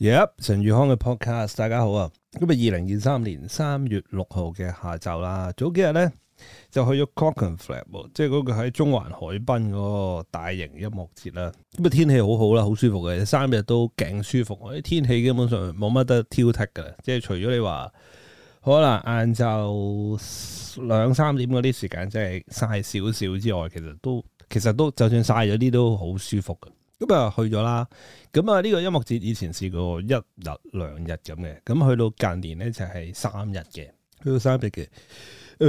耶！陳宇、yep, 康嘅 podcast，大家好啊！咁啊，二零二三年三月六號嘅下晝啦，早幾日咧就去咗 Clockenflap 即係嗰個喺中環海濱嗰個大型音樂節啦。咁啊，天氣好好啦，好舒服嘅，三日都勁舒服，啲天氣基本上冇乜得挑剔噶啦。即係除咗你話可能晏晝兩三點嗰啲時間真係曬少少之外，其實都其實都就算曬咗啲都好舒服嘅。咁啊，去咗啦！咁啊，呢個音樂節以前試過一日兩日咁嘅，咁去到近年咧，就係三日嘅，去到三日嘅。誒、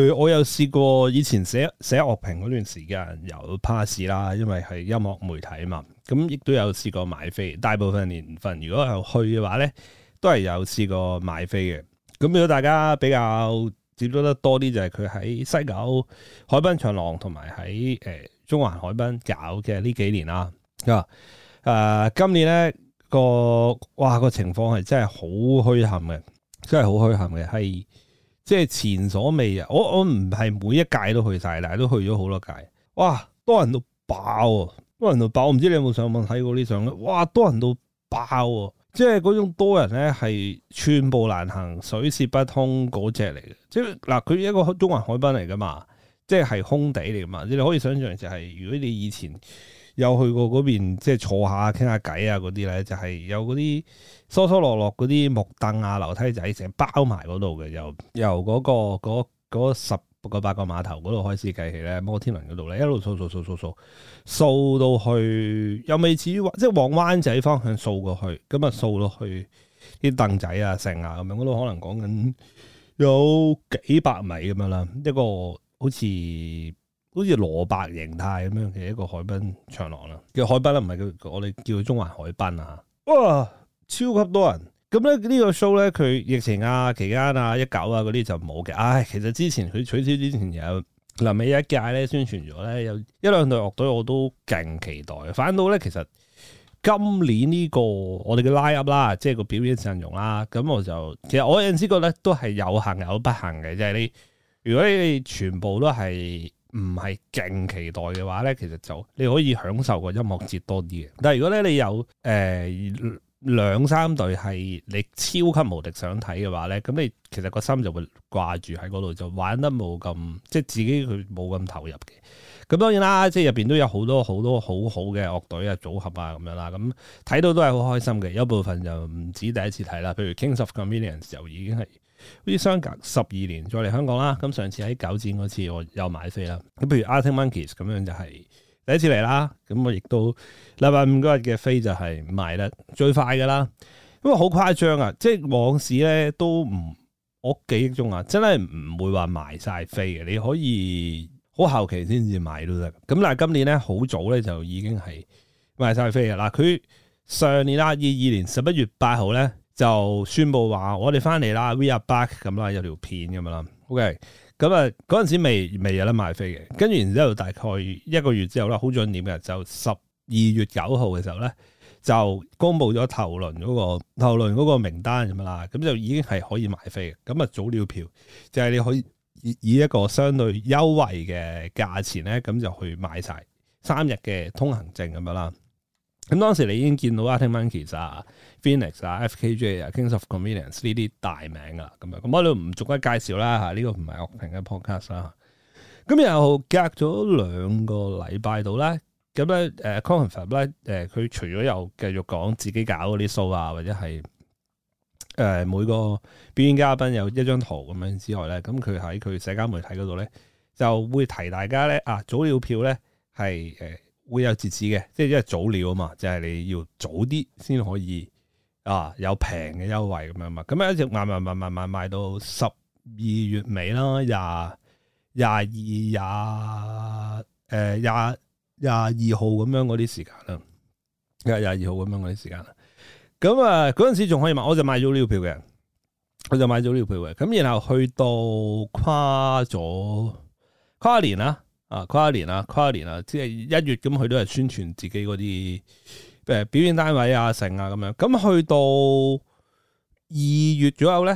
呃，我有試過以前寫寫樂評嗰段時間有 pass 啦，因為係音樂媒體啊嘛。咁亦都有試過買飛，大部分年份如果有去嘅話咧，都係有試過買飛嘅。咁如果大家比較接觸得多啲，就係佢喺西九海濱長廊同埋喺誒中環海濱搞嘅呢幾年啦。啊！誒，yeah, uh, 今年咧個哇個情況係真係好墟冚嘅，真係好墟冚嘅，係即係前所未啊！我我唔係每一屆都去晒，但係都去咗好多屆。哇！多人到爆，啊，多人到爆，啊。我唔知你有冇上網睇過呢相？哇！多人到爆啊！即係嗰種多人咧係寸步難行、水泄不通嗰隻嚟嘅。即係嗱，佢，呃、一個中環海濱嚟噶嘛，即係空地嚟噶嘛。你可以想象就係，是，如果你以前。有去過嗰邊，即係坐下傾下偈啊嗰啲咧，就係有嗰啲疏疏落落嗰啲木凳啊、樓梯仔，成包埋嗰度嘅。由由嗰、嗰個十個八個碼頭嗰度開始計起咧，摩天輪嗰度咧，一路掃掃掃掃掃掃掃到去，又未至於即係往灣仔方向掃過去。咁啊，掃落去啲凳仔啊、成啊咁樣，嗰度可能講緊有幾百米咁樣啦。一個好似～好似蘿蔔形態咁樣嘅一個海濱長廊啦，叫海濱啦，唔係佢我哋叫中環海濱啊，哇，超級多人！咁咧呢個 show 咧，佢疫情啊期間啊一九啊嗰啲就冇嘅。唉，其實之前佢取消之前有臨尾一屆咧宣傳咗咧，有一兩隊樂隊我都勁期待。反到咧，其實今年呢個我哋嘅 line-up 啦，即係個表演陣容啦，咁我就其實我有陣時覺得都係有幸有不幸嘅，即係你如果你全部都係。唔係勁期待嘅話呢，其實就你可以享受個音樂節多啲嘅。但係如果咧你有誒、呃、兩三隊係你超級無敵想睇嘅話呢，咁你其實個心就會掛住喺嗰度，就玩得冇咁即係自己佢冇咁投入嘅。咁當然啦，即係入邊都有好多好多好好嘅樂隊啊組合啊咁樣啦。咁睇到都係好開心嘅，有部分就唔止第一次睇啦。譬如 Kings of Convenience 就已經係。好似相隔十二年再嚟香港啦，咁上次喺九展嗰次我有買飛啦。咁譬如 Arctic Monkeys 咁樣就係第一次嚟啦，咁我亦都禮拜五嗰日嘅飛就係賣得最快噶啦，因為好誇張啊，即係往時咧都唔我記憶中啊，真係唔會話賣晒飛嘅，你可以好後期先至買都得。咁但係，今年咧好早咧就已經係賣晒飛嘅嗱，佢上年啊二二年十一月八號咧。就宣布話我哋翻嚟啦，We are back 咁啦，有條片咁樣啦。OK，咁啊嗰陣時未未有得買飛嘅，跟住然之後大概一個月之後啦，好準點嘅就十二月九號嘅時候咧，就公佈咗頭輪嗰個頭輪嗰個名單咁啦，咁就已經係可以買飛嘅。咁啊早鳥票就係你可以以一個相對優惠嘅價錢咧，咁就去買晒三日嘅通行證咁樣啦。咁當時你已經見到啊 Arctic Monkeys 啊、Phoenix 啊、F. K. J. 啊、Kings of Convenience 呢啲大名啦，咁啊，咁我都唔逐一介紹啦嚇，呢、這個唔係樂評嘅 Podcast 啦。咁又隔咗兩個禮拜度咧，咁咧誒 c o n f e r e 咧誒，佢、嗯呃、除咗又繼續講自己搞嗰啲 show 啊，或者係誒、呃、每個表演嘉賓有一張圖咁樣之外咧，咁佢喺佢社交媒體嗰度咧就會提大家咧啊，早鳥票咧係誒。呃會有截止嘅，即係因為早料啊嘛，就係你要早啲先可以啊有平嘅優惠咁樣嘛。咁啊一直賣賣賣賣賣賣到十二月尾啦，廿廿二廿誒廿廿二號咁樣嗰啲時間啦，廿、啊、廿二號咁樣嗰啲時間啦。咁啊嗰陣時仲可以買，我就買咗呢票嘅，我就買咗呢票嘅。咁然後去到跨咗跨年啦。啊跨年啊，跨年啊，即係一月咁，佢都係宣傳自己嗰啲誒表演單位啊、成啊咁樣。咁去到二月左右咧，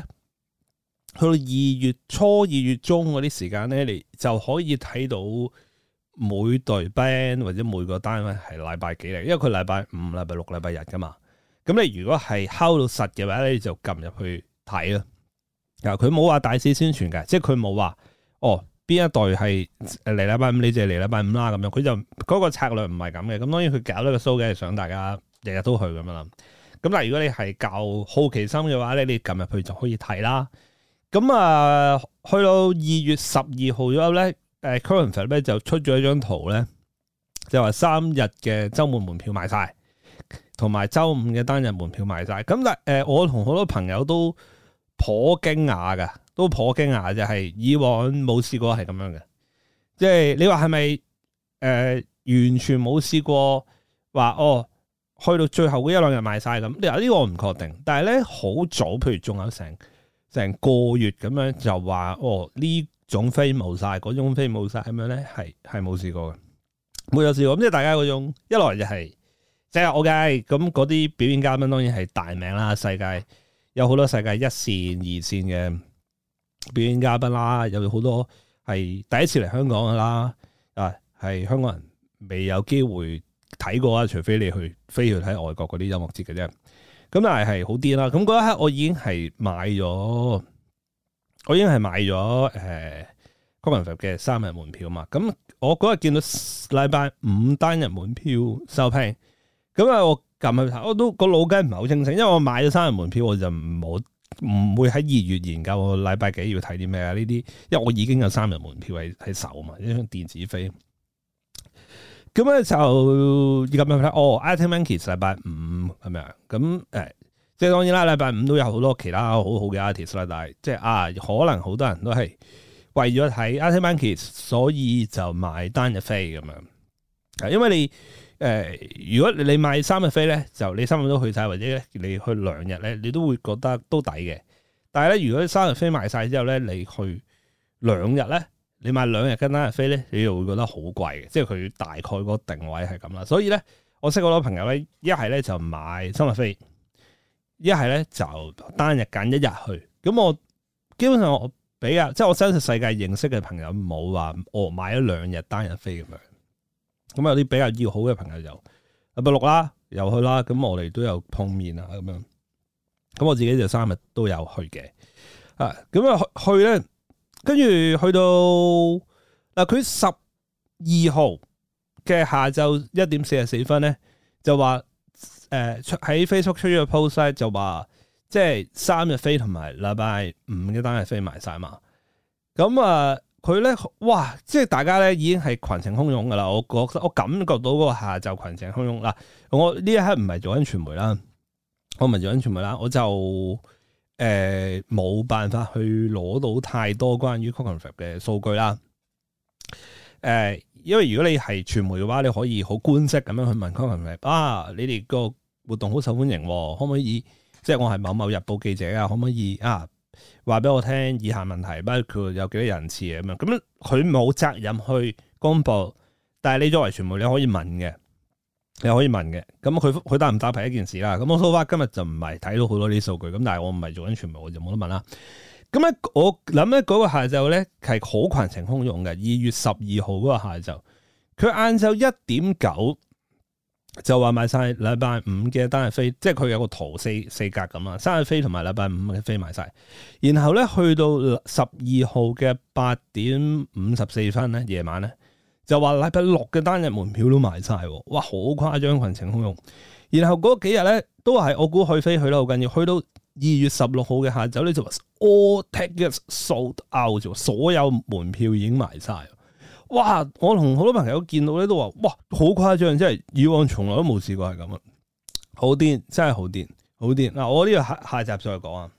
去到二月初、二月中嗰啲時間咧，你就可以睇到每隊 band 或者每個單位係禮拜幾嚟，因為佢禮拜五、禮拜六、禮拜日噶嘛。咁你如果係敲到實嘅話咧，你就撳入去睇啦。嗱，佢冇話大肆宣傳嘅，即係佢冇話哦。邊一代係嚟禮拜五，你就嚟禮拜五啦咁樣。佢就嗰個策略唔係咁嘅。咁當然佢搞呢個 show 梗係想大家日日都去咁樣啦。咁嗱，如果你係較好奇心嘅話咧，你撳入去就可以睇啦。咁、嗯、啊，去到二月十二號左右咧，誒 Cullenford 咧就出咗一張圖咧，就話三日嘅周末門票賣晒，同埋周五嘅單日門票賣晒。咁但誒、呃，我同好多朋友都頗驚訝嘅。都頗驚訝！就係、是、以往冇試過係咁樣嘅，即、就、係、是、你話係咪誒完全冇試過話哦，去到最後嗰一兩日賣晒咁，呢個呢個我唔確定。但係咧好早，譬如仲有成成個月咁樣就話哦，呢種飛冇晒，嗰種飛冇晒咁樣咧，係係冇試過嘅，冇有試過。咁即係大家嗰種一來就係即係我計咁嗰啲表演嘉賓當然係大名啦，世界有好多世界一線、二線嘅。表演嘉賓啦，有好多係第一次嚟香港嘅啦，啊，係香港人未有機會睇過啊，除非你去飛去睇外國嗰啲音樂節嘅啫。咁但係係好啲啦。咁嗰一刻我，我已經係買咗，我已經係買咗誒《公民日》嘅三日門票嘛。咁我嗰日見到禮拜五單日門票售罄，咁啊，我撳去睇，我都個腦筋唔係好清醒，因為我買咗三日門票，我就唔好，唔會喺二月研究禮拜幾要睇啲咩啊？呢啲，因為我已經有三日門票喺喺手啊嘛，呢張電子飛。咁咧就而家咪睇哦，Arctic Monkeys 禮拜五咁樣。咁誒，即、嗯、係當然啦，禮拜五都有好多其他好好嘅 artists 啦，但係即係啊，可能好多人都係為咗睇 Arctic Monkeys，所以就買單日飛咁樣。啊，因為你。誒、呃，如果你你買三日飛咧，就你三日都去晒，或者你去兩日咧，你都會覺得都抵嘅。但係咧，如果三日飛賣晒之後咧，你去兩日咧，你買兩日跟單日飛咧，你又會覺得好貴嘅。即係佢大概個定位係咁啦。所以咧，我識好多朋友咧，一係咧就買三日飛，一係咧就單日揀一日去。咁我基本上我比較，即係我真實世界認識嘅朋友，冇話我買咗兩日單日飛咁樣。咁、嗯、有啲比較要好嘅朋友就禮拜六啦，又去啦。咁我哋都有碰面啦，咁樣。咁我自己就三日都有去嘅。啊，咁啊去去咧，跟住去到嗱，佢十二號嘅下晝一點四十四分咧，就話誒、呃、出喺 Facebook 出咗 post 就話即係三日飛同埋禮拜五嘅單日飛埋晒嘛。咁啊～佢咧，哇！即係大家咧，已經係群情洶湧噶啦。我覺，我感覺到嗰個下晝群情洶湧啦。我呢一刻唔係做緊傳媒啦，我唔係做緊傳媒啦，我就誒冇、呃、辦法去攞到太多關於 conference 嘅數據啦。誒、呃，因為如果你係傳媒嘅話，你可以好官式咁樣去問 conference 啊，你哋個活動好受歡迎，可唔可以？即係我係某某日報記者可可啊，可唔可以啊？話俾我聽，以下問題，包括有幾多人次咁樣，咁佢冇責任去公布，但係你作為傳媒你，你可以問嘅，你可以問嘅。咁佢佢打唔打牌一件事啦。咁我 so far 今日就唔係睇到好多呢啲數據，咁但係我唔係做緊傳媒，我就冇得問啦。咁啊，我諗咧嗰個下晝咧係好群情洶湧嘅，二月十二號嗰個下晝，佢晏晝一點九。就話買晒禮拜五嘅單日飛，即係佢有個圖四四格咁啊。單日飛同埋禮拜五嘅飛買晒。然後咧去到十二號嘅八點五十四分咧，夜晚咧就話禮拜六嘅單日門票都賣晒，哇，好誇張，群情洶湧。然後嗰幾日咧都係我估去飛去得好緊要，去到二月十六號嘅下晝咧就話 All tickets sold out，所有門票已經賣晒。哇！我同好多朋友見到咧都話：哇，好誇張，真係以往從來都冇試過係咁啊！好癲，真係好癲，好癲！嗱，我呢個下下集再講啊！